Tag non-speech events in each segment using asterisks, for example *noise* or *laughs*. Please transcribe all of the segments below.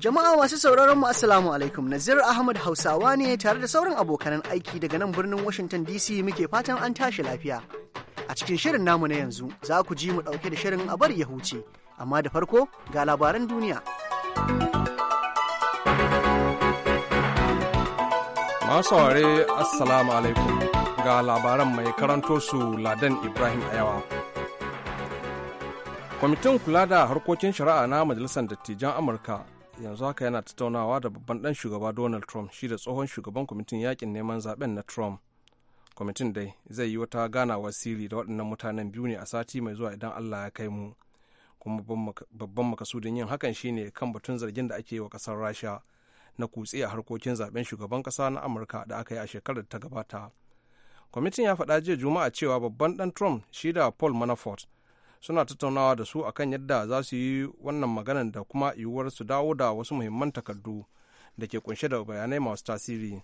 Jama'a masu sauraron mu Assalamu alaikum Nazir Ahmad Hausawa ne tare da sauran abokanan aiki daga nan birnin Washington DC muke fatan an tashi lafiya. A cikin shirin namu na yanzu za ku ji mu ɗauke da shirin a bari ya huce, amma da farko ga labaran duniya. Masu Assalamu alaikum ga labaran mai karanto su Ladan Ibrahim Ayawa. Kwamitin kula da harkokin shari'a na Majalisar Dattijan Amurka yanzu haka yana tattaunawa da babban dan shugaba donald trump shi da tsohon shugaban kwamitin yakin neman zaben na trump kwamitin dai zai yi wata ganawar sirri da waɗannan mutanen biyu ne a sati mai zuwa idan allah ya kai mu kuma babban makasudin yin hakan shi ne kan batun zargin da ake yi wa ƙasar rasha na kutse a harkokin zaben shugaban ƙasa na amurka da aka yi a shekarar ta gabata kwamitin ya faɗa jiya juma'a cewa babban ɗan trump shi da paul manafort suna tattaunawa da su akan yadda za su yi wannan maganan da kuma yiwuwar su dawo da wasu muhimman takardu da ke kunshe da bayanai masu tasiri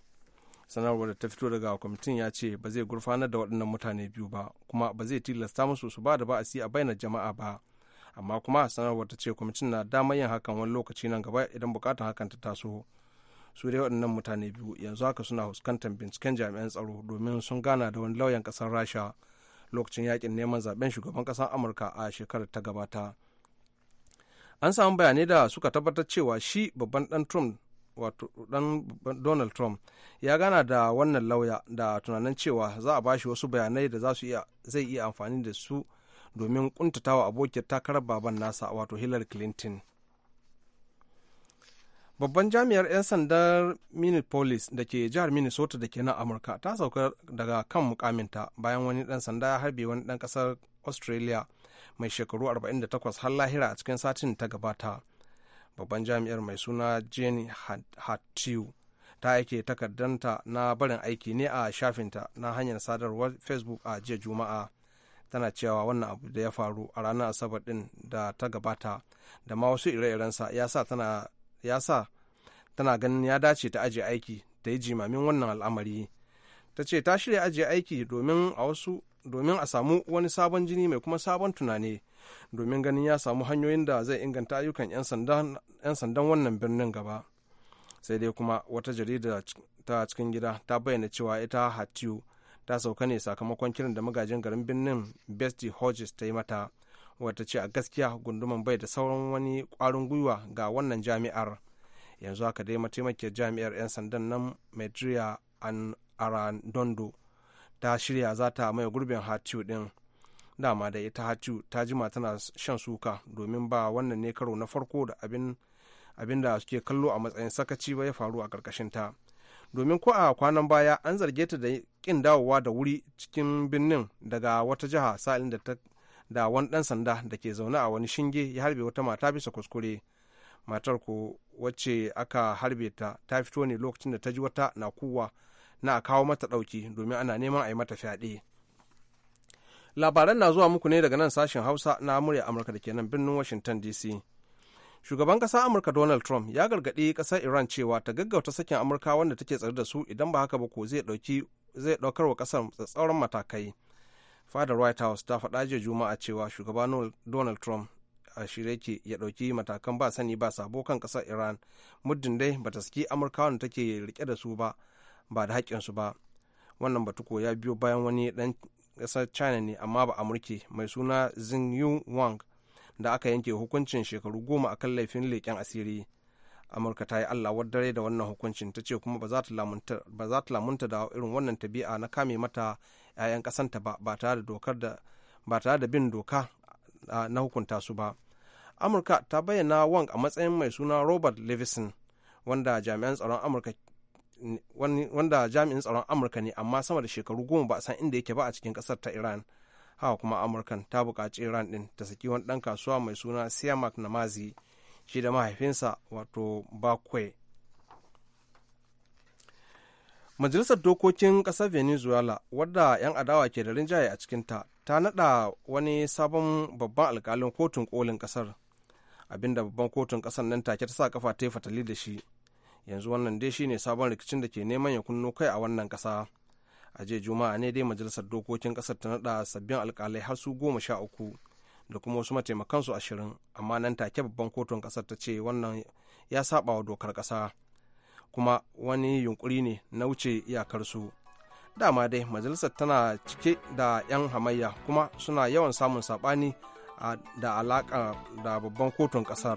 sanarwar da ta fito daga kwamitin ya ce ba zai gurfanar da waɗannan mutane biyu ba kuma ba zai tilasta musu su ba da ba'asi a bainar jama'a ba amma kuma sanarwar ta ce kwamitin na damar yin hakan wani lokaci nan gaba idan bukatar hakan ta taso su dai waɗannan mutane biyu yanzu haka suna fuskantar binciken jami'an tsaro domin sun gana da wani lauyan ƙasar rasha lokacin yakin neman zaben shugaban ƙasar amurka a shekarar ta gabata an samu bayanai da suka tabbatar cewa shi babban dan trump wato dan donald trump ya gana da wannan lauya da tunanin cewa za a bashi wasu bayanai da zai iya amfani da su domin kuntatawa abokiyar takarar baban nasa wato hillary clinton babban jami'ar 'yan sandar minneapolis da ke jihar minnesota da ke nan amurka ta sauka daga kan mukaminta bayan wani dan sanda ya harbe wani dan kasar australia mai shekaru 48 har lahira a cikin satin ta gabata babban jami'ar mai suna jane hattiu ta aike takardanta na barin aiki ne a shafinta na hanyar sadarwar facebook a jiya juma'a tana cewa wannan abu da ya faru a ranar asabar din da ta gabata da ma wasu ire-irensa ya sa tana ya sa tana ganin ya dace ta ajiye aiki ta yi jimamin wannan al'amari ta ce ta shirya ajiye aiki domin a wasu domin a samu wani sabon jini mai kuma sabon tunani domin ganin ya samu hanyoyin da zai inganta ayyukan 'yan sandan wannan birnin gaba sai dai kuma wata jarida ta cikin gida ta bayyana cewa ita hatiyu ta sauka ne sakamakon kiran da magajin garin birnin bestie hodges ta yi mata wata ce a gaskiya gunduman bai da sauran wani kwarin gwiwa ga wannan jami'ar yanzu aka dai mataimakiyar jami'ar 'yan sandan nan an arandondo ta shirya za ta maye gurbin hatiu din dama da ita hatiu ta jima tana shan suka domin ba wannan ne karo na farko da abin abin da suke kallo a matsayin sakaci ba ya faru a karkashin ta domin ko a kwanan baya an zarge ta da kin dawowa da wuri cikin birnin daga wata jiha sa'ilin da ta da wani ɗan sanda da ke zaune a wani shinge ya harbe wata mata bisa kuskure matar ku wacce aka harbe ta ta fito ne lokacin da ta ji wata na kuwa na kawo mata ɗauki domin ana neman a yi mata fyaɗe labaran na zuwa muku ne daga nan sashen hausa na murya amurka da ke nan birnin washington dc shugaban ƙasar amurka donald trump ya gargaɗi ƙasar iran cewa ta gaggauta sakin amurka wanda take tsare da su idan ba haka ba ko zai zai ɗaukar wa ƙasar tsatsauran matakai fadar white house ta faɗa jiya juma'a cewa shugaba donald trump a shirye ke ya ɗauki matakan ba sani ba sabo kan ƙasar iran muddin dai bata saki amurkawa da take rike da su ba ba da haƙƙinsu ba wannan ko ya biyo bayan wani ɗan ƙasar china ne amma ba amurke mai suna yu wang da aka yanke hukuncin shekaru goma akan laifin leƙen asiri amurka ta yi allah wadare da wannan hukuncin ta ce kuma ba za ta lamunta da irin wannan tabi'a na kame mata 'ya'yan kasan ba ba tare da ba tare da bin doka na hukunta su ba amurka ta bayyana wang a matsayin mai suna robert levison wanda jami'in tsaron amurka ne amma sama da shekaru goma ba a san inda yake ba a cikin kasar ta iran haka kuma amurkan ta buƙaci iran ɗin ta saki wani ɗan kasuwa mai suna siamak namazi shi da mahaifinsa wato bakwai. majalisar dokokin ƙasar venezuela wadda 'yan adawa ke da rinjaye a cikinta ta nada wani sabon babban alkalin kotun kolin ƙasar abinda babban kotun ƙasar nan take ta sa kafa ta yi fatali da shi yanzu wannan dai shine sabon rikicin da ke neman ya kunno kai a wannan ƙasa a jiya juma'a ne dai majalisar dokokin ƙasar ta nada sabbin alkalai har su goma sha uku da kuma wasu mataimakansu ashirin amma nan take babban kotun ƙasar ta ce wannan ya saɓa wa dokar ƙasa kuma wani yunkuri ne na wuce iyakarsu dama dai majalisar tana cike da 'yan hamayya kuma suna yawan samun saɓani da alaƙa da babban kotun ƙasar.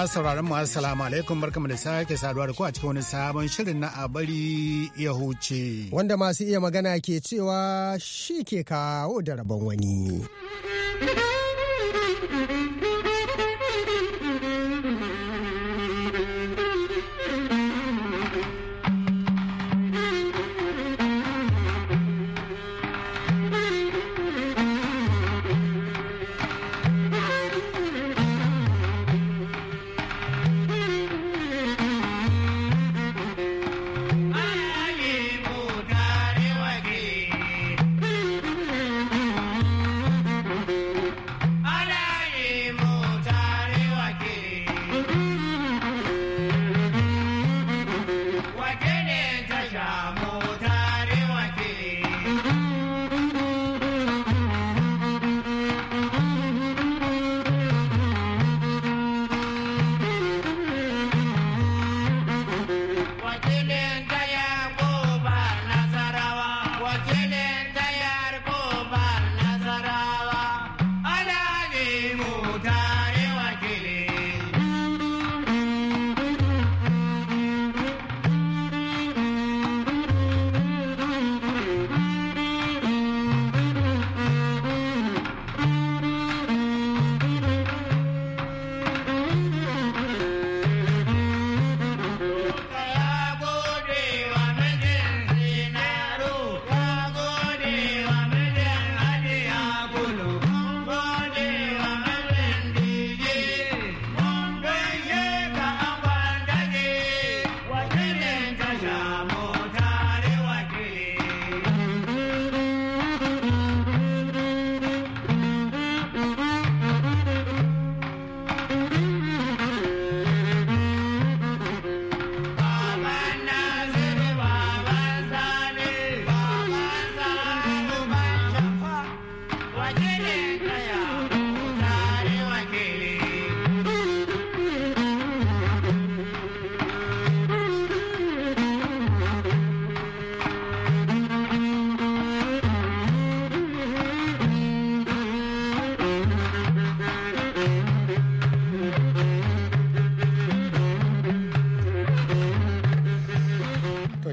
masu sauraron mu assalamu alaikum barkamu da sake saduwa da ku a cikin wani sabon shirin na a bari ya huce. Wanda masu iya magana ke cewa shi ke kawo da rabon wani.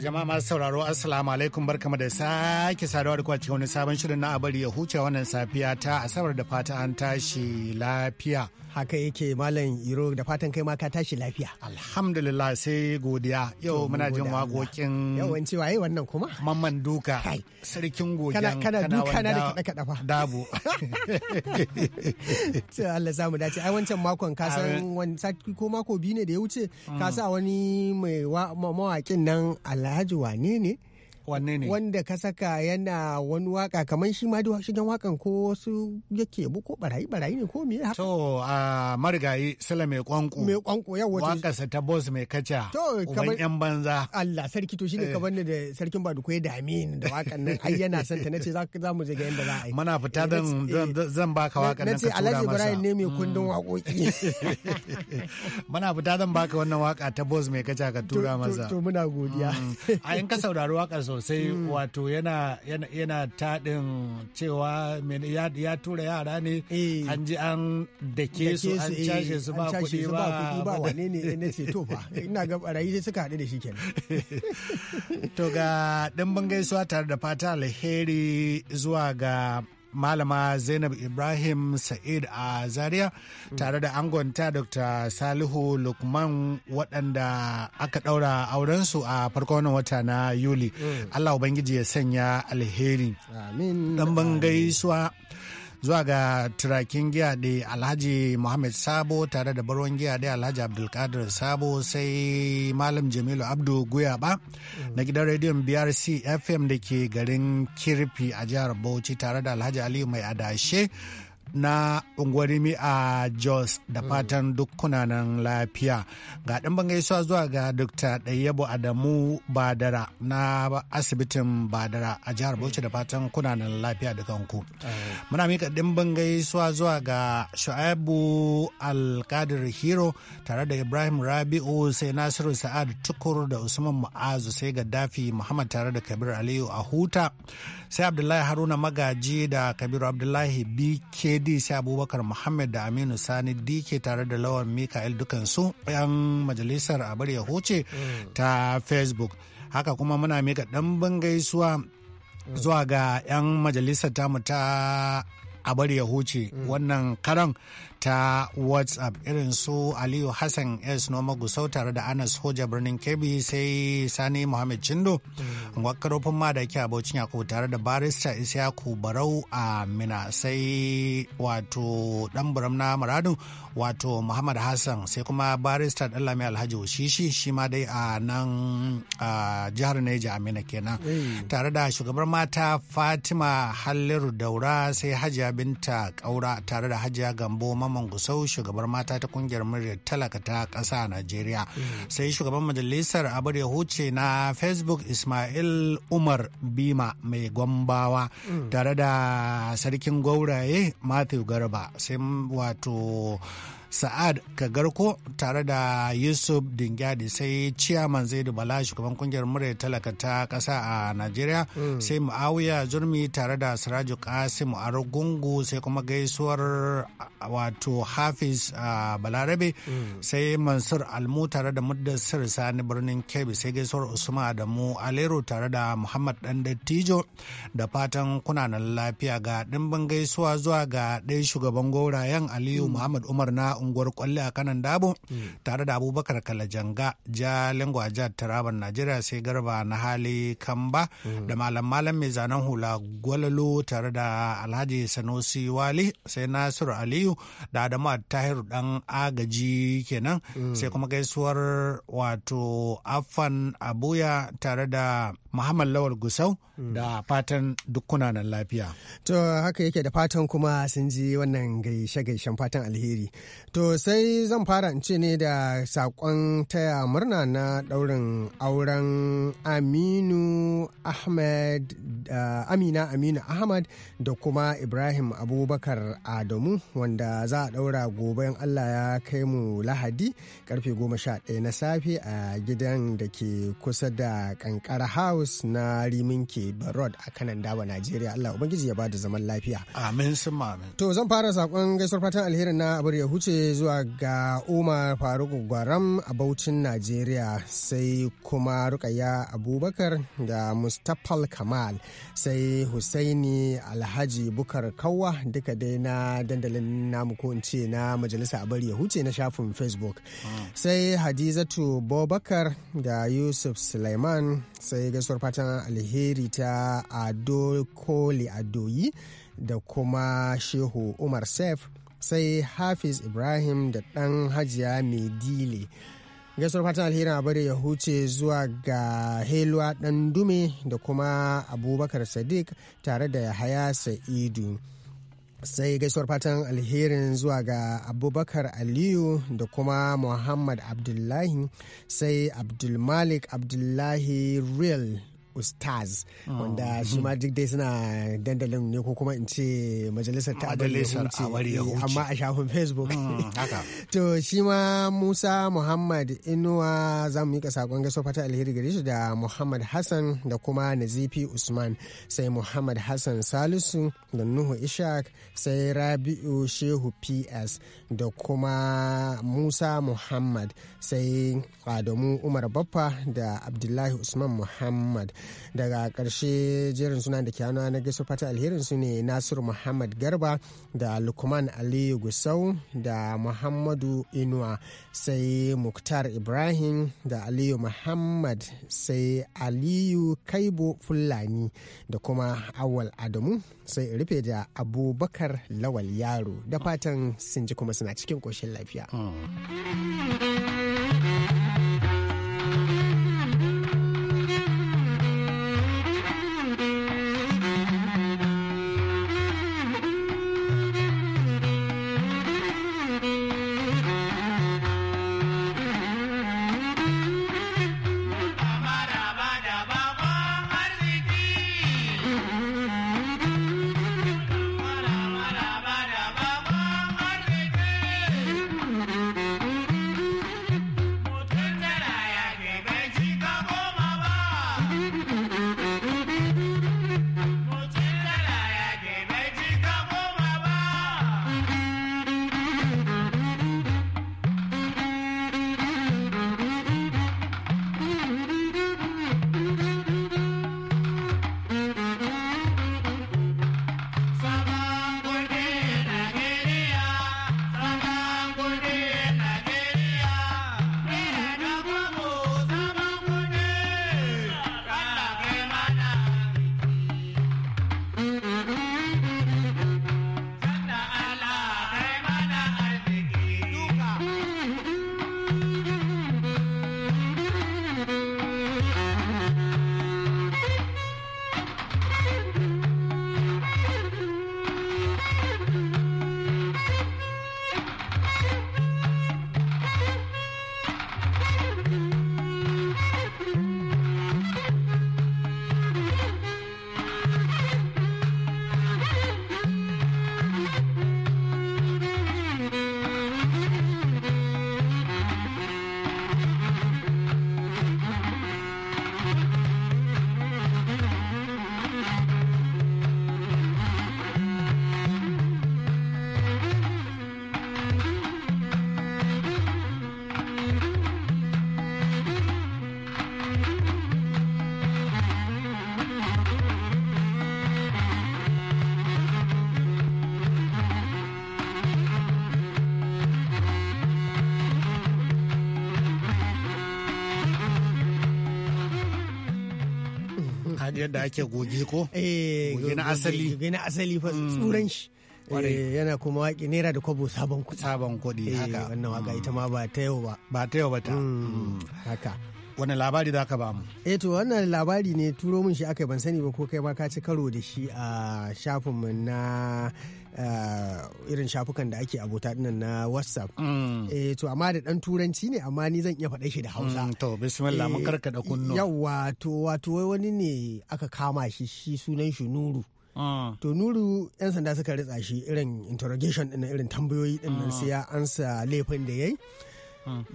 jama'a masu sauraro assalamu alaikum barkama da sake saduwa da kuwa wani sabon shirin na abari ya huce wannan safiya ta asabar da fata an tashi lafiya. haka yake malam iro da fatan kai ma ka tashi lafiya alhamdulillah sai godiya yau muna jin waƙoƙin yawan cewa yi wannan kuma mamman duka sarkin gogen kana duka na da kada kada fa dabo *laughs* to Allah za mu dace ai wancan makon ka san wani ko mako biyu ne da ya wuce ka mm. sa wani mai mawaƙin nan Alhaji wane ne wanne ne wanda ka saka yana wani waka kamar shi ma shigan wakan ko su yake bu ko barayi barayi ne ko me to a marigayi sala mai kwanko mai kwanko yawa wakarsa ta boss mai kaca to kamar yan banza Allah sarki to shine eh. ka banne da sarkin ba duku da amin da wakan nan ai yana son ta nace za mu je ga yanda za a yi muna fita zan eh, zan baka eh, wakan nan ka tura masa nace Alhaji Ibrahim ne mai kundin mm. wakoki *laughs* muna fita dan baka wannan waka ta boss mai kaca ka tura masa to muna godiya mm. a in ka saurari wakar so *laughs* sosai mm. wato yana taɗin cewa ya tura yara ne eh. an ji an dake su an eh, cashe su ba kuɗi ba ba wane ne *laughs* na ce to fa ina ga barayi sai suka haɗu da shi kenan *laughs* to ga ɗan bangaisuwa tare da fata alheri zuwa ga malama zainab ibrahim sa'id a zaria tare da angonta dr salihu lukman waɗanda aka ɗaura aurensu a farko wannan wata na yuli mm. allah ubangiji ya sanya alheri dan bangaisuwa zuwa ga turakin giya da alhaji muhammad sabo tare da barwan giya da alhaji abdulkadir sabo sai malam jamilu abdu guyaba na gidan rediyon brc fm da ke garin kirfi a jihar bauchi tare da alhaji aliyu mai adashe na ungwarimi a Jos da mm. fatan duk kunanan lafiya. Ga ɗan bangaisuwa zuwa ga dokta Ɗayyabo Adamu Badara na asibitin Badara a jihar mm. Bauchi da fatan kunanan lafiya da kanku. Muna mika ɗimbin gaisuwa zuwa ga Shu'aibu Alkadir Hero tare da Ibrahim Rabi'u sai Nasiru Sa'ad Tukur da Usman Mu'azu sai dafi Muhammad tare da Kabir Aliyu a huta sai Abdullahi Haruna Magaji da Kabiru Abdullahi BKD idris abubakar muhammad da aminu sani dike tare da lawan mikael dukansu 'yan majalisar abar ya huce ta facebook haka kuma muna mika ɗan gaisuwa zuwa ga 'yan majalisar tamu ta a bari ya huce wannan karan ta whatsapp irin su aliyu hassan s noma gusau tare da anas hoja birnin kebbi sai sani muhammad chindo wakarofin ke abocin yakubu tare da barista isyaku barau a mina sai wato dan buram na muradu wato muhammad hassan sai kuma barista dalami alhaji oshishi shi ma dai a nan jihar neja amina kenan mm. tare da shugabar mata fatima halliru daura sai hajiya binta kaura tare da hajiya gambo Maman Gusau shugabar mata ta kungiyar muryar talaka ta ƙasa a Najeriya. Mm. Sai shugaban majalisar abar ya huce na Facebook Ismail Umar Bima mai gwambawa mm. tare da sarkin gauraye Matthew Garba sai wato sa'ad kagarko tare da yusuf dingyadi sai ciyaman zaidu bala shugaban kungiyar murya talaka ta kasa a najeriya mm. sai muawiya zurmi tare da siraju kasim arugungu sai kuma gaisuwar wato hafiz a balarabe mm. sai mansur almu tare da muddassir sani birnin kebbi sai gaisuwar usman adamu alero tare da muhammad dan dattijo da fatan kunanan lafiya ga dimbin gaisuwa zuwa ga ɗaya shugaban gaurayen aliyu mm. muhammad umar na unguwar kwalle a kanan dabo hmm. tare da abubakar kalajanga jalin gwajar taraban najeriya sai garba na hali kamba hmm. da malam malam mai zanen hula gwalalo tare da alhaji sanusi wali sai nasiru aliyu da adamu tahiru dan agaji kenan hmm. sai kuma gaisuwar wato afan abuya tare da Muhammad Lawal Gusau da fatan dukkuna nan lafiya. To haka yake da fatan kuma sun ji wannan gaishe-gaishen fatan alheri. To sai zan fara in ce ne da saƙon taya murna na ɗaurin auren Aminu Ahmed Amina Aminu Ahmad da kuma Ibrahim Abubakar Adamu wanda za a ɗaura gobe Allah ya kai mu Lahadi karfe goma sha 11 na safe a gidan da ke kusa da Kankara House Bulus na Riminke Barod a kanan dawa Najeriya. Allah Ubangiji ya bada zaman lafiya. Amin sun amin. To zan fara sakon gaisuwar fatan alherin na abar ya huce zuwa ga Umar Faruk Gwaram a bauchin Najeriya sai kuma Rukayya Abubakar da Mustapha Kamal sai Husaini Alhaji Bukar Kawwa duka dai na dandalin namu ko in ce na majalisa abar ya huce na shafin Facebook. Mm. Sai Hadizatu Bobakar da Yusuf suleiman sai gaisuwar fatan alheri ta ado koli adoyi da kuma shehu umar sef sai hafiz ibrahim da dan hajiya medile gaisuwar fatan alheri a bari ya huce zuwa ga helwa dan dume da kuma abubakar sadiq tare da yahaya sa'idu sai gaisuwar fatan alherin zuwa ga abubakar aliyu da kuma muhammad abdullahi sai abdulmalik abdullahi real ustaz ah. wanda mm-hmm. shi ma duk dai suna dandalin ne ko kuma in ce majalisar ta amma a shafin facebook mm, *laughs* to shi ma musa muhammad inuwa za mu yi ka saƙon gaso fata alheri gare shi da muhammad hassan da kuma nazifi usman sai muhammad hassan salisu da nuhu ishak sai rabi'u shehu ps da kuma musa muhammad sai adamu umar baffa da abdullahi usman muhammad daga karshe jerin suna da ke na gaisu fata alherin su ne nasiru muhammad garba da lukman aliyu gusau da muhammadu inuwa sai muktar ibrahim da aliyu muhammad sai aliyu kaibo fulani da kuma awal adamu sai rufe da abubakar lawal yaro da fatan sun ji kuma suna cikin koshin lafiya. Hmm. yadda ake goge ko eh, goge na asali goge na asali fa mm. tsuran shi eh, yana kuma waƙi naira da kwabo sabon kuɗi sabon kuɗi eh, haka wannan waka mm. ita ma ba ta yau ba ba ta yau ba ta mm, haka wani labari za ka ba mu eh to wannan labari ne turo min shi akai ban sani ba ko kai ma ka ci karo da shi a shafinmu na irin shafukan da ake abota dinnan na whatsapp E, to amma da dan turanci ne amma ni zan iya faɗa shi da hausa mm, to bismillah mun eh, karkada kunno yawa to wato wai wani ne aka kama shi shi sunan shi nuru mm. to nuru yan sanda suka ritsa shi irin interrogation din irin tambayoyi din nan sai ya ansa laifin da yayi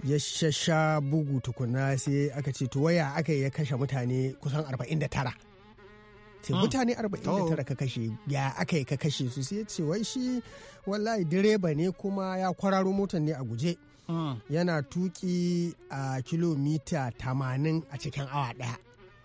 ya shasha bugu tukuna sai aka ce to waya aka ya kashe mutane kusan arba'in da tara. sai mm. mutane 49 ka kashe ya aka yi ka kashe su sai ce wai shi wallahi direba ne kuma ya kwararo motar ne a guje mm. yana tuki a kilomita 80 a cikin awa daya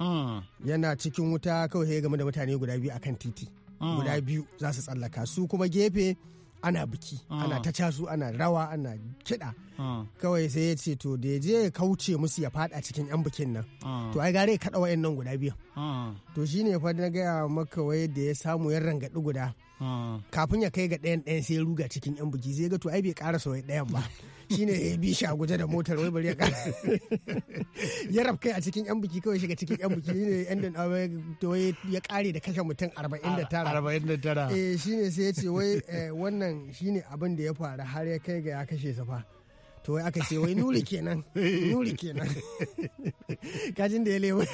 mm. yana cikin wuta kawai game da mutane guda biyu akan titi guda biyu za su tsallaka su kuma gefe ana biki ah. ana ta casu ana rawa ana kiɗa ah. kawai sai ya ce to da ya je ya kauce musu ya fada cikin yan bikin nan ah. to ai gare kaɗa wa'yan nan guda biyu to ne fa na gaya maka wai da ya samu yan rangaɗi guda kafin ya kai ga ɗayan ɗayan sai ya ruga cikin yan biki zai ga to ai bai ƙara wai ɗayan ba *laughs* shine ya bi shi a guje da motar wai bari ya kara ya rafkai a cikin yan biki kawai shiga cikin yan biki ne yan da ya kare da kashe mutum 49 eh shine sai ya ce wai eh, wannan shine abin da ya faru har ya kai ga ya kashe sa fa to wai aka ce wai nuri kenan *laughs* nuri kenan *laughs* kajin da ya lewa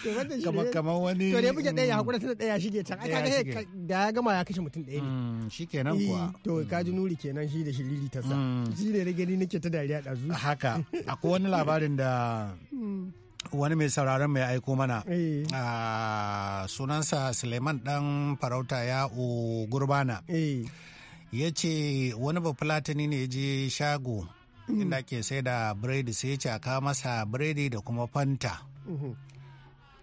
to wanda shi kamar kamar wani to da ya daya hakura tana daya shige can aka ga da ya gama ya kashe mutum daya ne mm, shi kenan eh, kuwa to kaji mm. nuri kenan shi da shiriri ta sa mm. shi ne rage gani nake ta dariya da zu haka akwai wani labarin da wani mai sauraron mai aiko mana eh. ah, sunansa suleiman dan farauta ya gurbana eh. ya ce wani bafulatani ne ya je shago mm. inda ke sai da biredi sai ya ce a masa biredi da kuma fanta mm-hmm.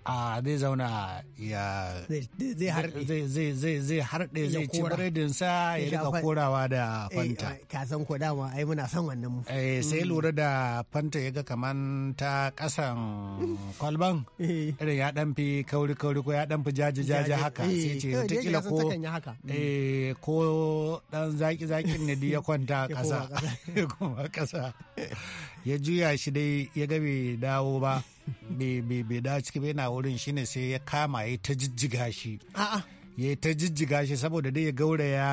a zai zauna ya zai harɗe zai ci buredinsa ya rika korawa da eh, fanta kasan ko dama ai muna son wannan mu eh, sai mm. lura da fanta ya ga kaman ta kasan *laughs* kwalban eh. irin ya dan fi kauri kauri ko ya dan fi jaji jaji haka sai ce ta kila ko mm. ko dan zaki zakin ne ya kwanta kasa kuma kasa ya juya shi dai ya gabe dawo ba *laughs* bai da ciki bai na wurin shine sai ya kama ya ta jijjiga shi ya ta jijjiga shi saboda dai ya gauraya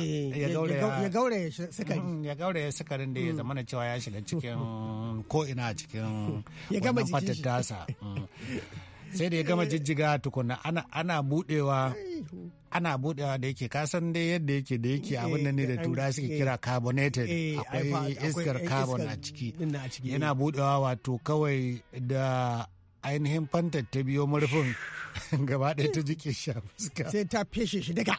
eh, ya gauraya sukari mm, ya gauraya sukarin da ya mm. zama na cewa ya shiga cikin ko ina cikin *laughs* wannan fatattasa mm. sai da ya gama *laughs* eh. jijjiga tukuna ana budewa ana budewa da yake kasan dai yadda yake da yake eh, abin da ne da eh, tura suke eh. kira carbonated akwai iskar carbon a ciki yana budewa wato kawai da ainihin fantar ta biyo murfin *laughs* gaba ɗaya ta jike shi fuska sai ta feshe shi daga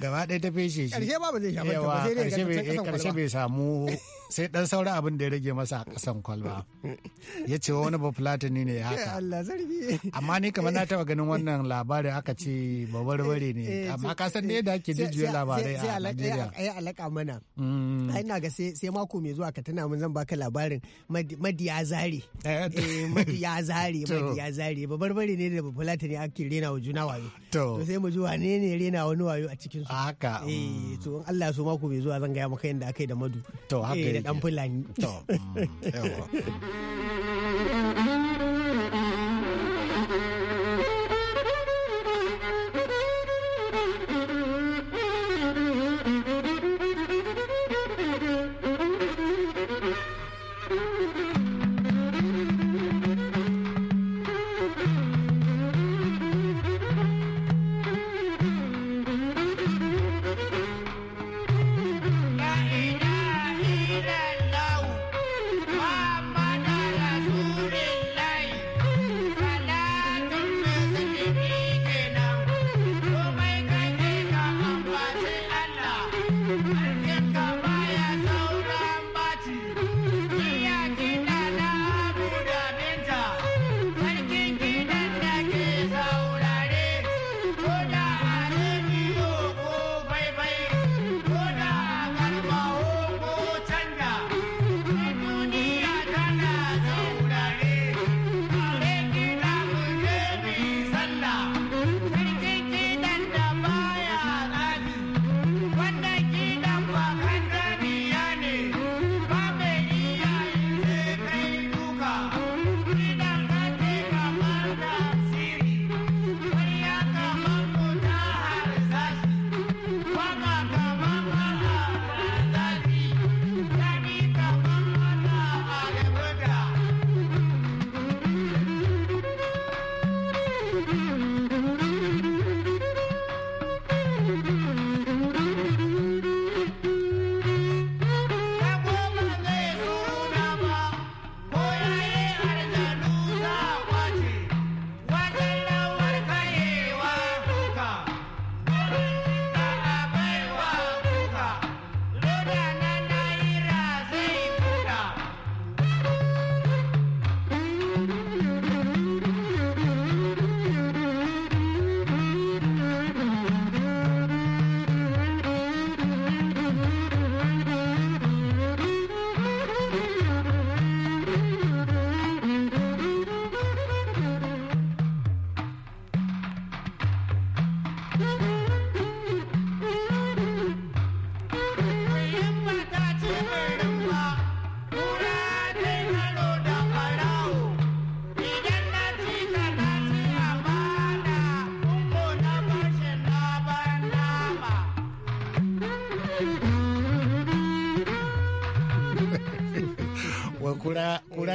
gaba ɗaya ta feshe shi ƙarshe ba ba zai ba bai samu sai dan saura abin da ya rage masa a kasan kwalba ya ce wani ba fulatani ne haka amma ni kamar na taba ganin wannan labarin aka ce babarbare ne eh, amma ka san da ake jujjuya labarai a Najeriya ai alaka mana mm. ai na ga sai mako mai zuwa ka tana mun zan baka labarin madiya zari eh. Eh, madiya zare *laughs* madiya zare ne da ba ne ake rena wa juna wayo to sai mu ji wane ne rena wani wayo a cikin su haka eh mm. to in Allah so mako bai zuwa zan gaya maka yadda akai da madu to haka eh, da dan fulani to mm, yawa *laughs*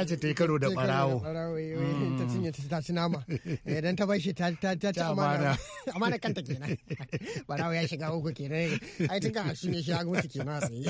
ta ce ta yi karo da barawo eh, eh, mm. ta cinye ta ci nama idan *laughs* eh, ta bashi ta ci amana *laughs* amana kanta kenan barawo *laughs* ya shiga uku kenan ai tun ka shi ne shi ya mutu kenan sai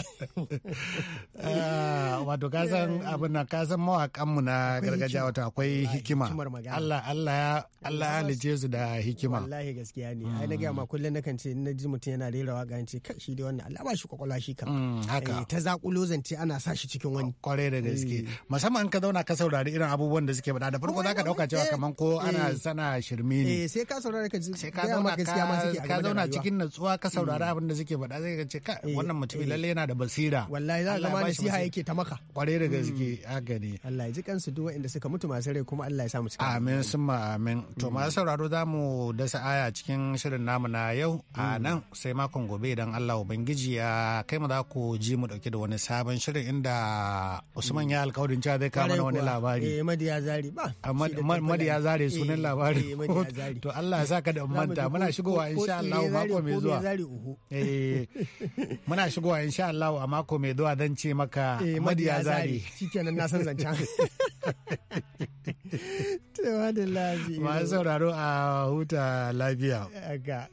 wato ka san abin nan ka san mawakan mu na gargajiya wato akwai hikima Allah Allah Allah ya halice su da hikima wallahi gaskiya ne ai na ga ma mm. kullun nakan ce na ji mutum yana rera waka ce kai shi da wannan Allah ba shi kwakwalwa shi kan mm, haka eh, ta zakulo zance ana sa shi cikin wani kware da gaske eh. musamman ka zauna ka saurari irin abubuwan da suke faɗa da farko zaka dauka cewa kaman ko ana eh. sana shirme ne sai ka saurari ka sai ka zauna gaskiya ma suke ka zauna cikin natsuwa ka saurari mm. abin da suke faɗa sai ka ce wannan mutum lalle yana da basira wallahi za ka ma ha yake ta maka haka kwarai da gaske mm. haka ne Allah ya ji kansu duk waɗanda suka mutu masu rai kuma Allah ya samu cikin amin summa amin to mm. masu sauraro za mu dasa aya cikin shirin namu na yau a mm. nan sai makon gobe idan Allah ubangiji ya kai mu za ku ji mu dauke da wani sabon shirin inda Usman ya alƙawarin cewa zai kawo mana wani labari eh madiya zari ba madiya zari eh, sunan labari eh, *laughs* to Allah ya saka da manta muna shigowa insha Allah mako mai zuwa eh muna shigowa insha Allah a mako mai zuwa dan ce maka eh, gudu ya zare *laughs* kenan na san zancen tewa da lafiya masu sauraro a huta lafiya ga *laughs*